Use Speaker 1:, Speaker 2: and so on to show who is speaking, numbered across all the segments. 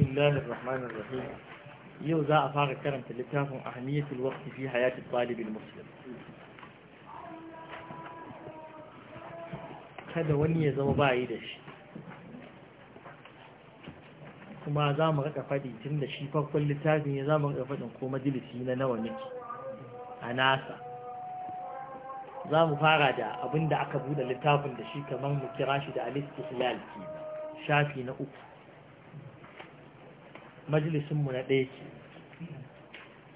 Speaker 1: بسم الله الرحمن الرحيم yau za a fara karanta littafin ahamiyatul waqti fi hayatul talibul muslim kada wani ya zama bayi da shi kuma za mu raka fadi tun da shi farkon littafin ya za mu raka fadin ko majalisi na nawa miki a nasa za mu fara da abin da aka buɗe littafin da shi kamar mu kira shi da alistihlal ke shafi na uku majalisinmu na ɗaya ce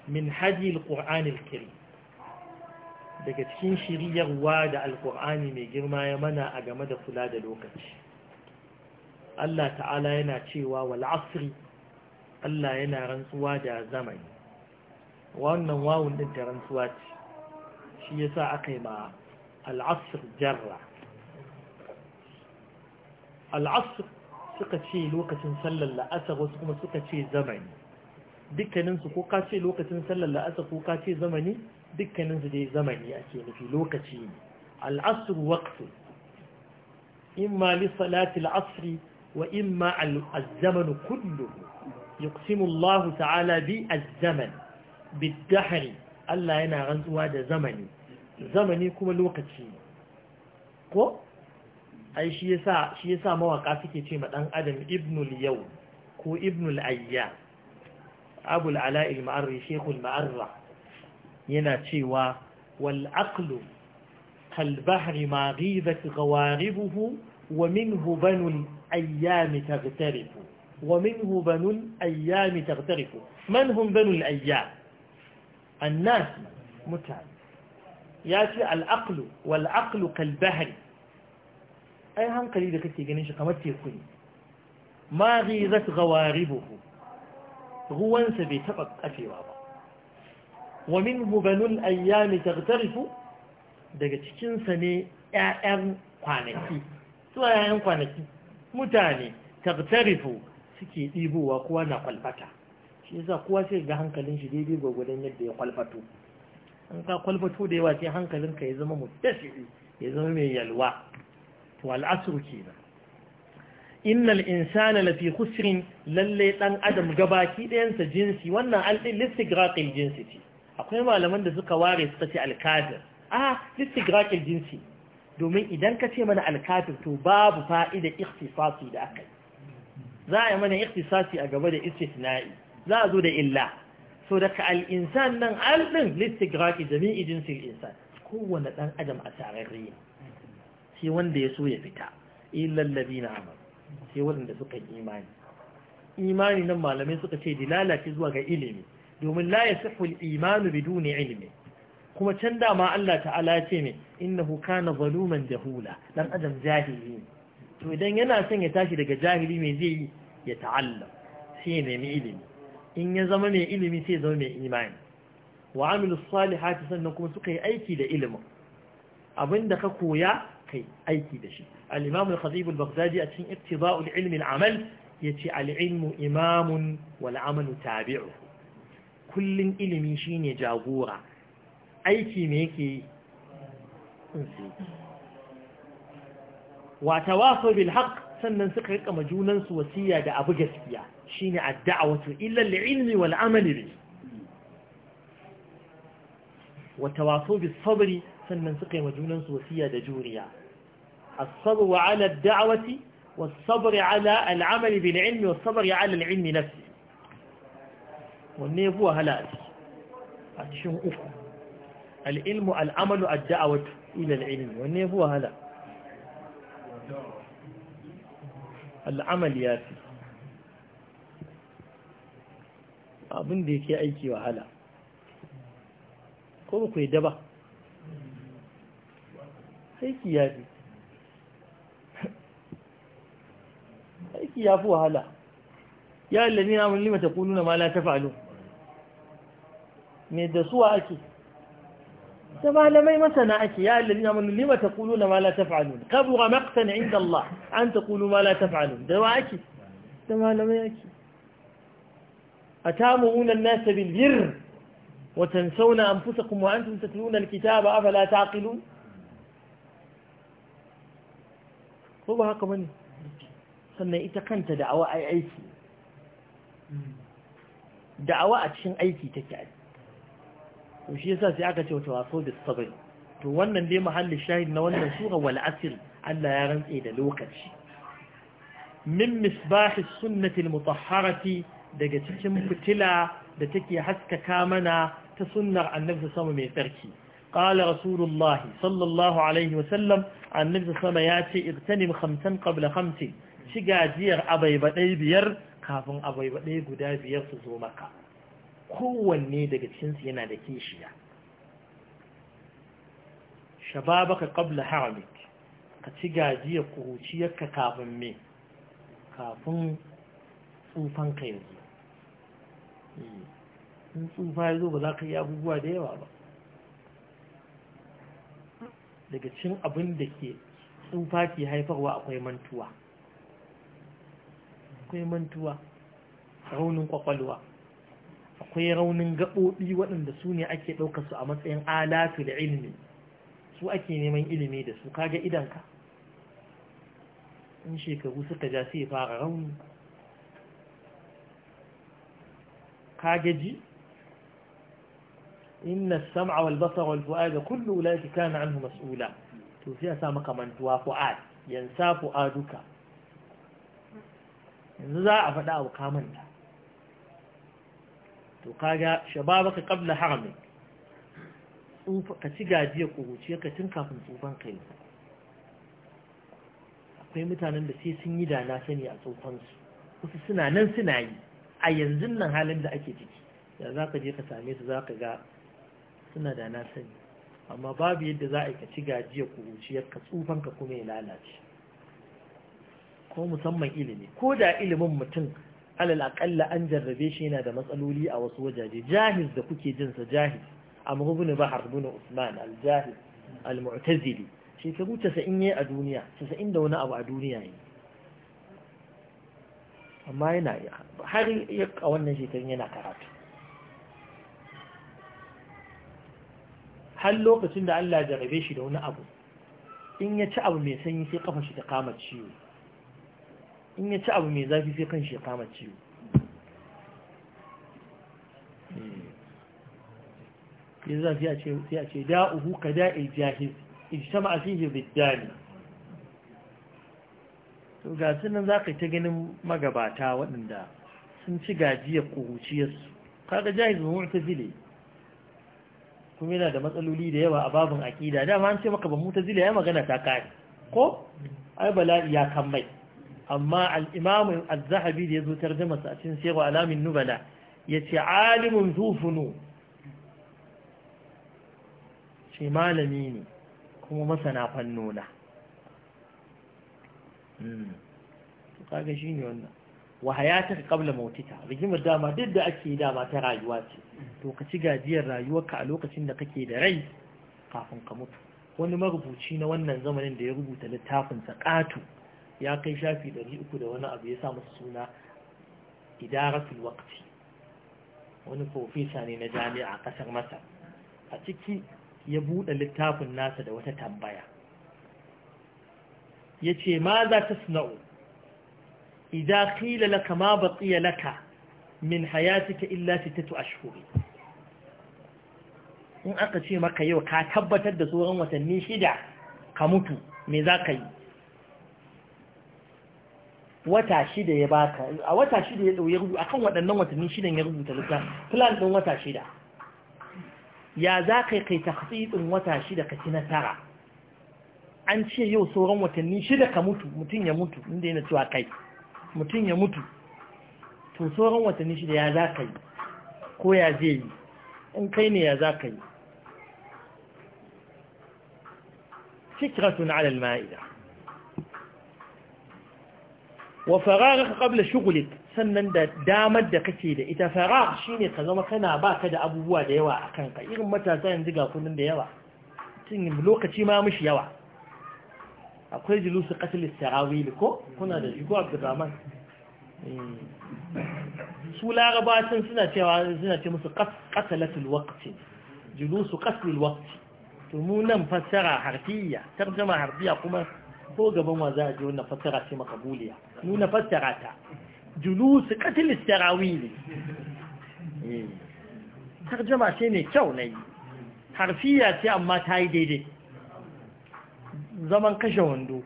Speaker 1: min haji al kiri daga cikin shiryarwa da Alƙur'ani mai girma ya mana a game da kula da lokaci Allah ta'ala yana cewa wal asri Allah yana rantsuwa da zamani wannan wawun ɗin ta rantsuwa ce shi yasa aka yi ma al jarra suka ce lokacin sallar la'asar wasu kuma suka ce zamani dukkaninsu ko ka ce lokacin sallar la'asar ko ka ce zamani dukkaninsu dai zamani ake nufi lokaci ne al'asr waqtu imma li salati al'asr wa imma al-zaman kulluhu yuqsimu Allah ta'ala bi azaman? zaman Allah yana rantsuwa da zamani zamani kuma lokaci ko ai shi yasa shi yasa mawaka suke ce ma dan adam ibnul yau ko ibnul ayya abul ala al ma'arri shaykhul ma'arra yana cewa wal aqlu kal bahri ma ghibat ghawaribuhu wa minhu banul ayyam taghtarifu wa minhu banul ayyam taghtarifu man hum banul ayyam الناس متعب ياتي العقل والعقل كالبهر ai hankali da kake ganin shi kamar teku ne ma ghizat ghawaribuhu ruwansa bai taɓa kafewa ba wa minhu banul ayyami taghtarifu daga cikinsa ne ƴaƴan kwanaki su ƴaƴan kwanaki mutane tartarifu suke ɗibowa kowa na kwalfata shi yasa kowa sai ga hankalin shi daidai gwagwadon yadda ya kwalfato an ka kwalfato da yawa sai hankalinka ya zama mutasi'i ya zama mai yalwa to al'asru kenan innal insana lafi khusrin lalle dan adam gabaki ɗayansa jinsi wannan al'in listigraqil jinsi ce akwai malaman da suka ware suka ce alkadir a listigraqil jinsi domin idan ka ce mana alkadir to babu fa'ida ikhtisasi da akai za a yi mana ikhtisasi a gaba da istisna'i za a zo da illa so daga al'insan nan al'in listigraqil jami'i jinsil insan kowane dan adam a tararriya sai wanda ya so ya fita illal na amanu sai wanda suka yi imani imani nan malamai suka ce dilala zuwa ga ilimi domin la yasihhu al-imanu biduni ilimi. kuma can dama Allah ta'ala ya ce ne innahu kana zaluman jahula dan adam jahili to idan yana son ya tashi daga jahili me zai yi ya ta'allam sai ya nemi ilimi in ya zama mai ilimi sai zama mai imani wa amilu salihati sannan kuma suka yi aiki da ilimin abinda ka koya kai aiki da shi al-imam al a cikin ittiba'ul ilmi al-amal yace al-ilmu imamun wal amalu tabi'u Kullum ilimi shine jagora aiki me yake wa tawasaw bil haqq sannan suka rika majunan su wasiya da abu gaskiya shine ad-da'watu illa al-ilmi wal amali bi wa tawasaw bis sabri sannan من yi wa سوسيا دجوريا الصبر على الدعوة والصبر على العمل بالعلم والصبر على العلم نفسه والنيبوة هلات أتشون العلم العمل الدعوة إلى العلم والنيبوة هلات العمل ياسي abin da yake aiki wahala ko ku yi daba aiki ya fi aiki ya fi wahala ya allazi na mulima ta kuluna ma la tafalu me da suwa ake ta malamai masana ake ya allazi na mulima ta na ma la tafalu kabura maqtan inda Allah an ta kulu ma la tafalu da wa ake ta malamai ake A unan an الناس kuma an أنفسكم وأنتم تتلون الكتاب ta تعقلون ko ba haka bane sannan ita kanta da'awa ai aiki da'awa a cikin aiki take ai to shi yasa sai aka ce wato waso da sabri to wannan dai mahallin shahid na wannan sura wal asr Allah ya rantse da lokaci min misbah as-sunnah mutahharati daga cikin fitila da take haskaka mana ta sunnar annabi sama mai tsarki قال رسول الله صلى الله عليه وسلم عن نفس السماء ياتي اغتنم خمسا قبل خمس شقا جير أبي بني بير كافن أبي بني قدا بير سزومك kowanne daga cikinsu yana da kishiya shababaka qabla haramik ka ci gajiya kuruciyarka kafin me kafin tsufanka yanzu in tsufa ya ba za ka yi abubuwa da yawa ba daga cin abin da ke tsufa ke haifarwa akwai mantuwa akwai mantuwa raunin kwakwalwa akwai raunin gaɓoɓi waɗanda su ne ake ɗauka su a matsayin alatu da ilimi su ake neman ilimi da su kaga idanka in shekaru suka ja sai fara rauni ka gaji إن السمع والبصر والفؤاد كل أولئك كان عنه مسؤولا توسيا سامك من توا فؤاد ينسى فؤادك yanzu za a faɗa abu kamanta to kaga shababaka qabla haramin ka ci gajiya ƙuruciya ka tun kafin tsufan kai akwai mutanen da sai sun yi da na sani a tsufansu wasu suna nan suna yi a yanzu nan halin da ake ciki da za ka je ka same su za ka ga suna da na sani amma babu yadda za a yi ka ci gajiya kuruciyar ka tsufan ka kuma ya lalace ko musamman ilimi ko da ilimin mutum alal aƙalla an jarrabe shi yana da matsaloli a wasu wajaje jahiz da kuke jinsa jahiz amr ibn usman al-jahiz al-mu'tazili shekaru 90 yi a duniya 90 da wani abu a duniya ne amma yana har a wannan shekarun yana karatu har lokacin da Allah ya jarabe shi da wani abu in ya ci abu mai sanyi sai kafa shi ta kama ciwo in ya ci abu mai zafi sai kan shi ya kama ciwo hmm. ya zafi sai a ce da'uhu ka da'i jahiz ijtama a fiye jami to ga sunan za ka ta ganin magabata waɗanda sun ci gajiyar ƙuruciyarsu kaga jahiz zile kuma yana da matsaloli da yawa a babin aƙida dama an ce maka ba mutazila ya magana ta kare ko ai bala'i ya kan mai amma al-imam az-zahabi da yazo tarjuma sa cikin sayyid alamin nubala yace alimun zufunu shi malami ne kuma masana fannona hmm. kaga shine wannan wa hayataka qabla mautika rigimar dama duk da ake dama ta rayuwa ce to ka ci gajiyar rayuwarka a lokacin da kake da rai kafin ka mutu wani marubuci na wannan zamanin da ya rubuta littafin sakatu ya kai shafi 300 da wani abu ya sa masa suna idaratul waqti wani profesa ne na jami'a a kasar masar a ciki ya buɗe littafin nasa da wata tambaya ya ce ma za ta sana'u idza qila laka ma baqiya laka min hayatika illa sittatu ashhur in aka ce maka yau ka tabbatar da sauran watanni shida ka mutu me za ka yi wata shida ya baka a wata shida ya ya rubuta akan waɗannan watanni shida ya rubuta littafin plan ɗin wata shida ya za ka kai takhsitin wata shida ka ci nasara an ce yau sauran watanni shida ka mutu mutum ya mutu inda yana cewa kai mutum ya mutu to sauran watanni shida ya za ka yi ko ya zai yi in kai ne ya za ka yi ma'ida wa المائدة ka kabla شغلك sannan da damar da kake da ita farar ne ka zama kana ba ka da abubuwa da yawa a kanka irin matasa yanzu ga kunin da yawa tun lokaci ma mishi yawa akwai julusu katil da ko kuna da shigo abdurrahman eh. su larabacin suna cewa suna ce musu katalatul wakti julusu qatlul wakti to mu nan fassara harfiya tarjama harfiya kuma ko gaban wa za a ji wannan fassara ce makabuliya nuna fassara ta julusu qatlul ne eh. tarjama ce ne kyau na yi, harfiya ce amma ta yi daidai zaman kashe wando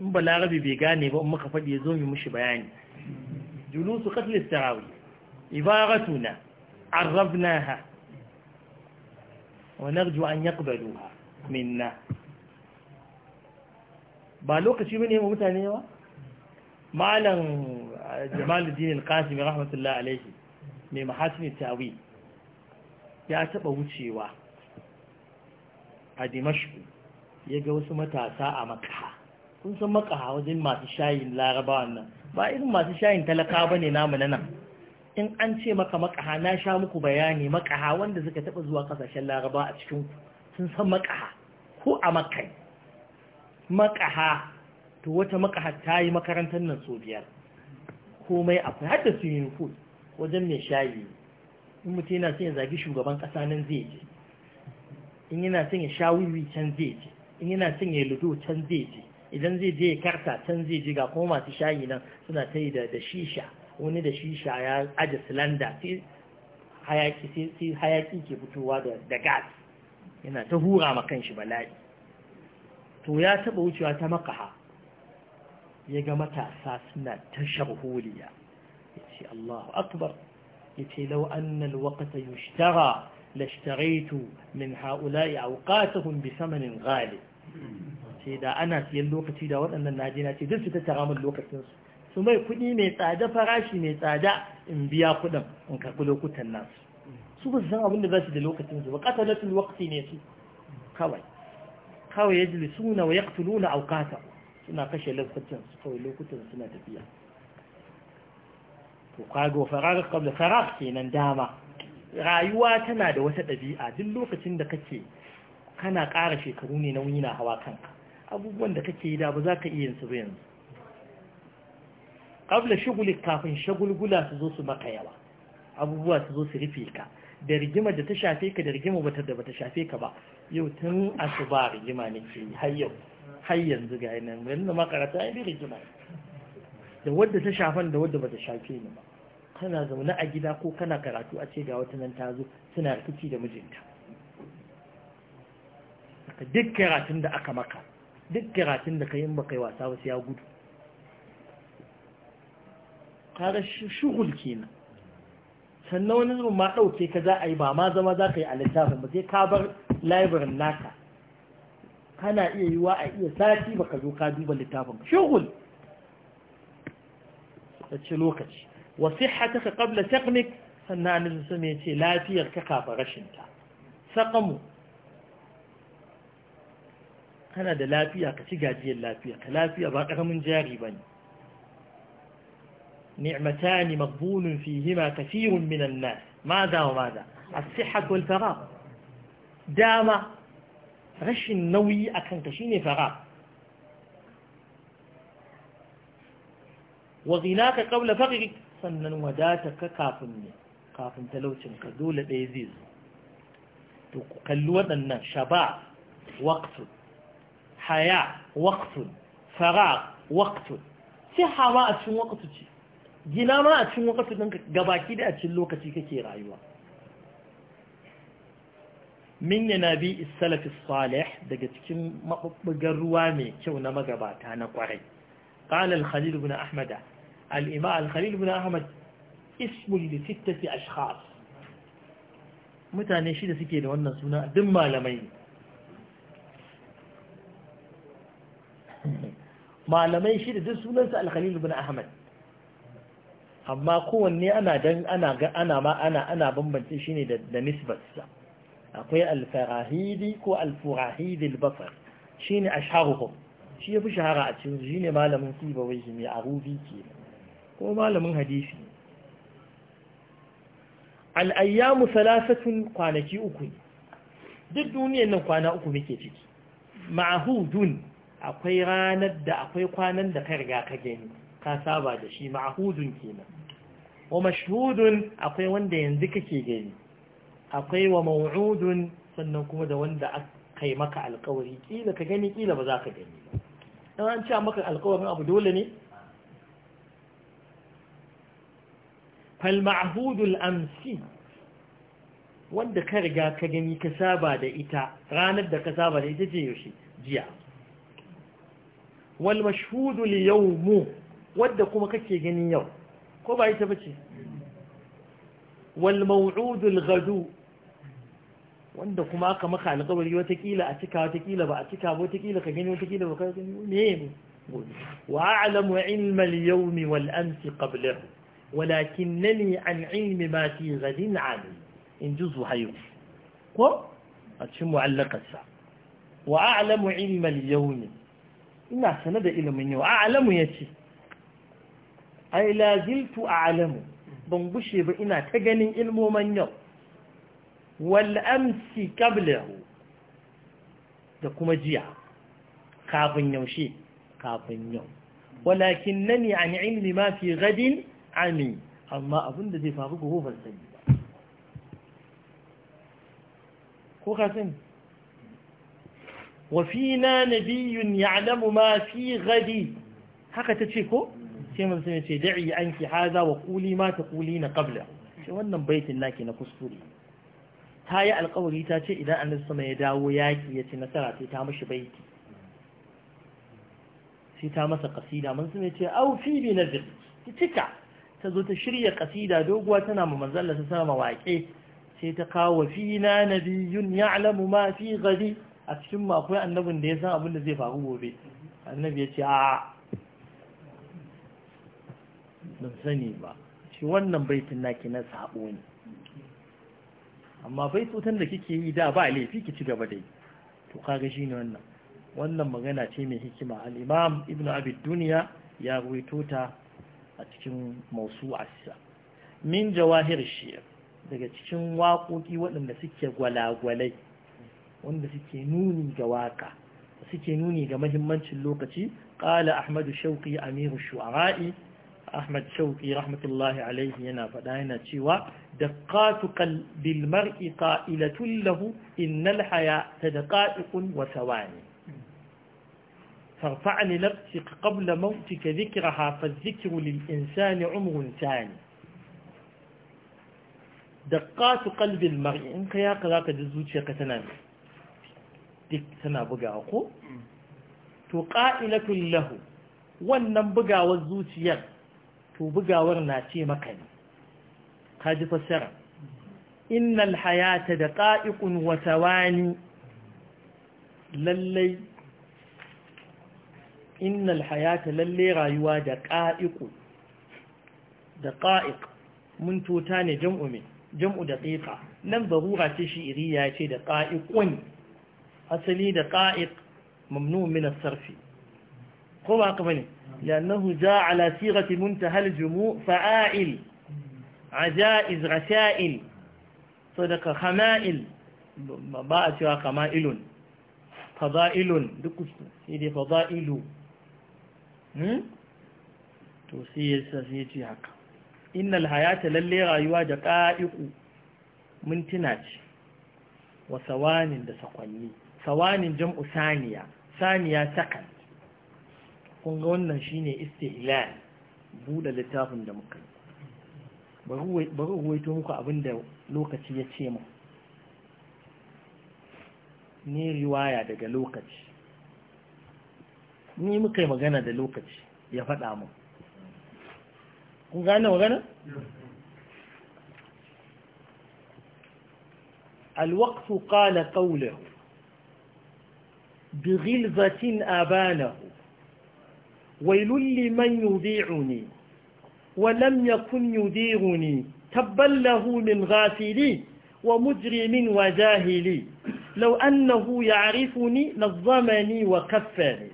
Speaker 1: in Larabi bai gane ba in muka faɗi ya zo yi mushi bayani julusu katlis tarawi arrabna ha wa narju an ha minna ba lokaci bane mu mutane yawa malam uh, Jamaluddin Al-Qasimi rahmatullahi alaihi mai mahasin tawi ya taba wucewa a dimashku ya ga wasu matasa a makaha kun san makaha wajen masu shayin larabawa nan ba irin masu shayin talaka ba ne namu nan in an ce maka makaha na sha muku bayani makaha wanda suka taba zuwa kasashen laraba a cikin sun san makaha ko a makai makaha to wata makaha ta yi makarantar nan so biyar komai akwai har da wajen mai shayi in mutum yana son ya zagi shugaban ƙasa nan zai je in yana son ya sha wiwi can zai je in yana son ya ludo can zai je idan zai je ya karta can zai je ga kuma masu shayi nan suna ta yi da shisha wani da shisha ya aje silanda sai hayaki ke fitowa da gas yana ta hura ma shi bala'i to ya taba wucewa ta makaha ya ga matasa suna ta sharholiya ya ce Allahu akbar ya ce lau annal waqta yushtara لاشتريت من هؤلاء أوقاتهم بثمن غالي سيدا أنا سيال لوكتي دا وأن الناجينا سيدا ستترام اللوكتين ثم يكوني ميتادة فراشي ميتادة انبياء قدم انك قلو كتا الناس su ba su san abin da za su da lokacin su ba katalatul waqti ne su kawai kawai suna kashe lokacin su kawai lokutan suna tafiya to kago farar qabla farar kenan dama rayuwa tana da wata ɗabi'a duk lokacin da kake kana ƙara shekaru ne na wuni na hawa kanka abubuwan da kake yi da ba za ka iya yansu ba yanzu ƙabla shigulik kafin shagulgula su zo su maka yawa abubuwa su zo su rufe ka da rigima da ta shafe ka da rigima bata da ta shafe ka ba yau tun asuba rigima ne ke har yau har yanzu ga yanar yanzu makarata ya rigima da wadda ta shafan da wadda ba ta shafe ni ba kana zaune a gida ko kana karatu a ce ga wata nan ta zo suna rikici da mijinta duk karatun da aka maka duk karatun da ka yi baka yi wasa wasu ya gudu kare shugul kenan sannan wani zuwa ma ɗauke ka za a yi ba ma zama za ka yi a littafin ba sai ka bar labirin naka kana iya yiwa a iya sati ba ka zo ka duba littafin shugul ta ce lokaci وصحتك قبل سقمك فنان سميتي لا تير كقاب غشنتا سقموا أنا دا لا فيك تجاجي لا فيك لا فيك رغم جاغبا نعمتان مقبول فيهما كثير من الناس ماذا وماذا الصحة والفراغ داما غش النوي أكن تشيني فراغ wa ka qabla faqrik sannan ka kafin ne kafin talaucin ka dole ɗaya zai zo to kalli waɗannan shaba waqtun haya waqtun fara waqtun siha ma a cikin waqtu ce gina ma a gabaki da a cikin lokaci kake rayuwa min yanabi salafi salih daga cikin mabubbugar ruwa mai kyau na magabata na kwarai qala halidu khalil ibn ahmada الإماء الخليل بن أحمد اسم لستة أشخاص متى نشيد سكين والناس هنا دم مالمين مالمين شيد دم duk الخليل بن أحمد amma kowanne ana dan ana ga ana ma ana ana bambance shi ne da da nisbarsa akwai al-farahidi ko al furahid al basr shine ashharuhum shi yafi shahara a cikin shine malamin sibawai shi mai arubi kenan ko malamin hadisi al'ayyamu salasatun kwanaki uku ne duk duniyan nan kwana uku muke ciki ma'ahudun akwai ranar da akwai kwanan da ka riga ka gani ka saba da shi ma'ahudun kenan wa mashhudun akwai wanda yanzu kake gani akwai wa maw'udun sannan kuma da wanda kai maka alkawari kila ka gani kila ba za ka gani ba an ce maka alkawarin abu dole ne falma'ahudul amsi wanda ka riga ka gani ka saba da ita ranar da ka saba da ita ce yaushe jiya wal mashhudul yawmu wadda kuma kake gani yau ko ba ita bace wal maw'udul ghadu wanda kuma aka maka alƙawari watakila a cika watakila ba a cika ba watakila ka gani watakila ba ka gani me ne gobe wa a'lamu ilma al-yawmi wal amsi qablahu walakinnani an ilmi ma fi gadin alim in ji zuhairu ko a cikin mu'allakarsa wa a'lamu ilmal ne. ina sanar da ilimin yau a'lamu ya yace ai la ziltu a'lamu ban gushe ba ina ta ganin ilmoman yau wal amsi qablahu da kuma jiya kafin yaushe kafin yau walakin nani an ilmi ma fi gadin ami amma abin da zai faru ga ban sani ba ko ka sani wa fina nabiyyun ya'lamu ma fi gadi haka tace ko sai mun sani ce da'i anki haza wa kuli ma taqulina kabla. ce wannan baitin naki na kuskure ta yi alkawari ta ce idan annabi sama ya dawo yaki ya ci nasara sai ta mashi baiti sai ta masa kasida mun sun ce au fi bi na ki cika ta zo ta shirya kasida doguwa tana mu manzalla ta sama waƙe sai ta kawo na nabiyyun ya'lamu ma fi gadi a cikin akwai annabin da ya san abin da zai faru gobe annabi ya ce a ban sani ba shi wannan baitin naki na sabo ne amma baitutan da kike yi da ba laifi ki ci gaba da yi to kaga shine wannan wannan magana ce mai hikima al-imam ibnu abi dunya ya ruwaito ta a cikin mawsu'arsa min jawahir shi daga cikin waƙoƙi waɗanda suke gwalagwalai wanda suke nuni ga waka suke nuni ga mahimmancin lokaci qala ahmadu shauqi amiru shu'ara'i ahmad shauqi rahmatullahi alayhi yana faɗa yana cewa da katukan mar'i qa'ilatul lahu innal hayata daqa'iqun wa wani. فارفع لنفسك قبل موتك ذكرها فالذكر للإنسان عمر ثاني دقات قلب المرء إنك يا قلاك دزوتك تنامي دك تنابقى أقو تقائلة له wannan bugawar zuciyar to bugawar na ce maka ne kaji fassara innal hayata da ƙa'iƙun wata wani lallai innal hayata lalle rayuwa da ƙa'iƙu da mun tota ne jam'u mai jam'u da nan zarura ce shi ce da ƙa'iƙun asali da ƙa'iƙ mamnu min sarfi ko ba ka bane لأنه جاء على صيغة منتهى الجموع فعائل عجائز رسائل صدق خمائل ba a cewa kama'ilun ilun duk Hmm? to sai ya sai ce haka innal hayata lalle rayuwa da qa'iqu mintuna ce wa sawanin da sakwanni sawanin jam'u saniya saniya sakan kun ga wannan shine istihlal buda littafin da muka bari ruwaito muku abinda lokaci ya ce mu ne riwaya daga lokaci ni muka yi magana da lokaci ya faɗa mu kun gane magana? الوقت قال قوله بغلظة آبانه ويل لمن يذيعني ولم يكن يذيعني تبا له من غافلي ومجرم وجاهلي لو أنه يعرفني نظمني وكفني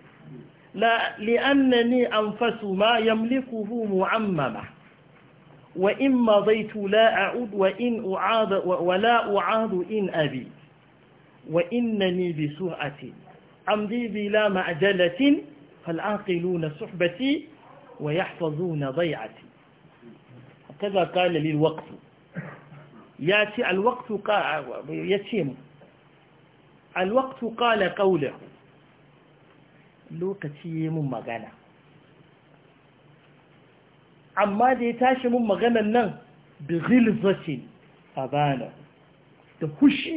Speaker 1: لا لأنني أنفس ما يملكه معممة وإن مضيت لا أعود وإن أعاد ولا أعاد إن أبي وإنني بسرعة أمضي بلا معجلة فالعاقلون صحبتي ويحفظون ضيعتي هكذا قال لي الوقت ياتي الوقت يتيم الوقت قال قوله lokaci ya mun magana amma da ya tashi mun maganan nan da zilzacin a bana da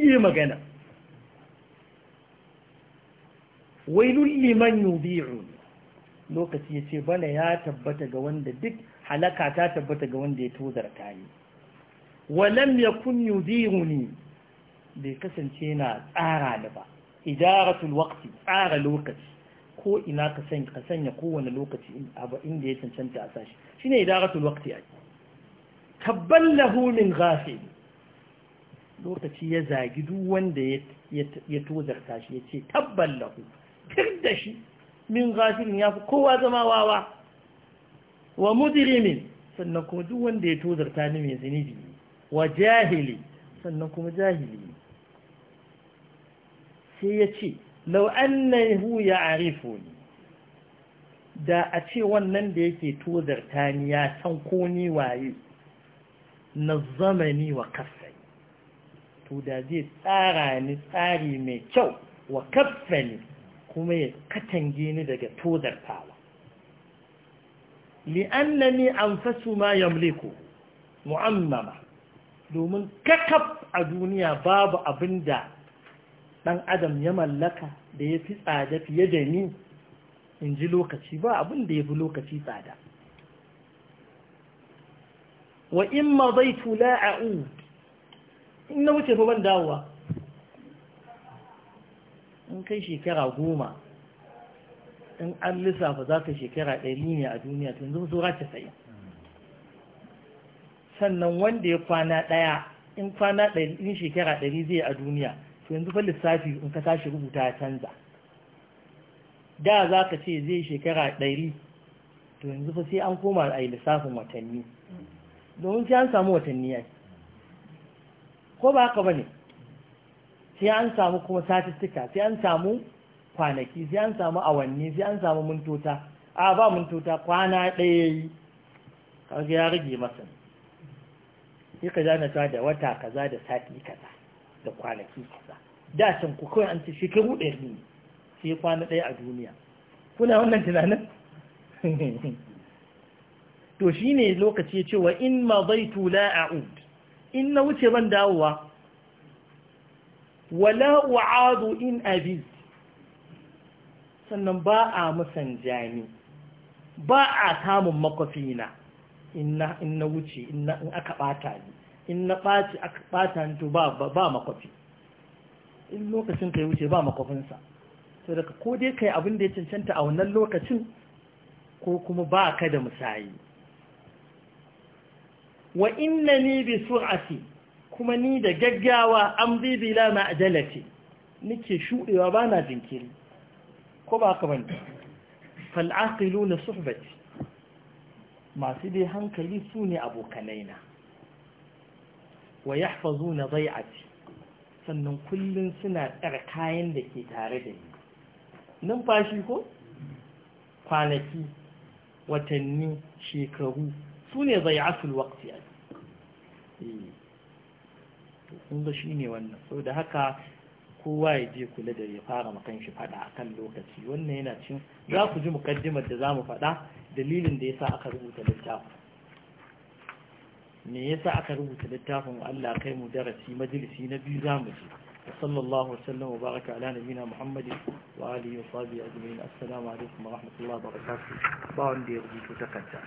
Speaker 1: ya magana wailun liman yubi'u lokaci ya ce bana ya tabbata ga wanda duk halaka ta tabbata ga wanda ya tozarta ni walam yakun ne bai kasance na tsara ni ba idaratul waqti tsara lokaci ko ina ka sanya ka sanya kowane lokaci abu inda ya cancanta a sashi shine idaratul waqti ai tabballahu min ghafil lokaci ya zagi duk wanda ya tozarta shi ya ce tabballahu tir da shi min ghafilin ya fi kowa zama wawa wa mujrimin sannan kuma duk wanda ya tozarta ni mai zunubi wa jahili sannan kuma jahili sai ya ce lau annahu ya arifu da a ce wannan da yake tozarta ni ya san ko ni waye na zamani wa kafai to da zai tsara ni tsari mai kyau wa kafani kuma ya katange ni daga tozartawa li'annani anfasu ma yamliku mu'ammama domin kakaf a duniya babu abinda ɗan adam ya mallaka da ya fi tsada fiye da ni in ji lokaci ba abin da ya fi lokaci tsada wa in ma zai tula a in na wuce fa ban dawowa in kai shekara goma in an lissafa za ka shekara ɗari ne a duniya tun zuwa saura casa'in sannan wanda ya kwana ɗaya in kwana ɗari in shekara ɗari zai a duniya to yanzu fa lissafi in ka tashi rubuta ya canza da za ka ce zai shekara ɗari to yanzu fa sai an koma a yi lissafin watanni domin sai an samu watanni yai ko ba haka ba ne sai an samu kuma satistika sai an samu kwanaki sai an samu awanni sai an samu mintota a ba mintota kwana ɗaya yi kaga ya rage masa sai ka zana ta da wata kaza da sati kaza da kwanaki kusa da can ku kawai an ce shekaru ɗari ne sai kwana ɗaya a duniya kuna wannan tunanin to shi ne lokaci cewa in ma zai tula a ud in na wuce ban dawowa wala wa'adu in abiz sannan ba a musan jami ba a samun na. in na wuce in aka ɓata ni in na ɓaci aka ɓata hantu ba ba makwafi in lokacin ka yi wuce ba makwafinsa to daga ko dai kai abin da ya cancanta a wannan lokacin ko kuma ba ka da musayi wa inna ni bi ce, kuma ni da gaggawa an bi bila ma'ajalati nake shuɗewa bana na jinkiri ko ba ka bane fal'aqilu na suhbati masu dai hankali su ne na. wa yahfazuna bai'ati sannan kullum suna tsara kayan da ke tare da ni numfashi ko kwanaki watanni shekaru su ne asul waqti eh, kun ga shi ne wannan sau da haka kowa ya je kula da ya fara makan shi fada a kan lokaci wannan yana cin za ku ji mukaddimar da za mu fada dalilin da ya sa aka rubuta littafin me yasa aka rubuta littafin Allah kai mu darasi majalisi na biyu mu ji sallallahu alaihi wasallam wa baraka ala nabina muhammad wa alihi wa sahbihi ajma'in assalamu alaikum wa rahmatullahi wa barakatuh ba wanda ya rubuta takarda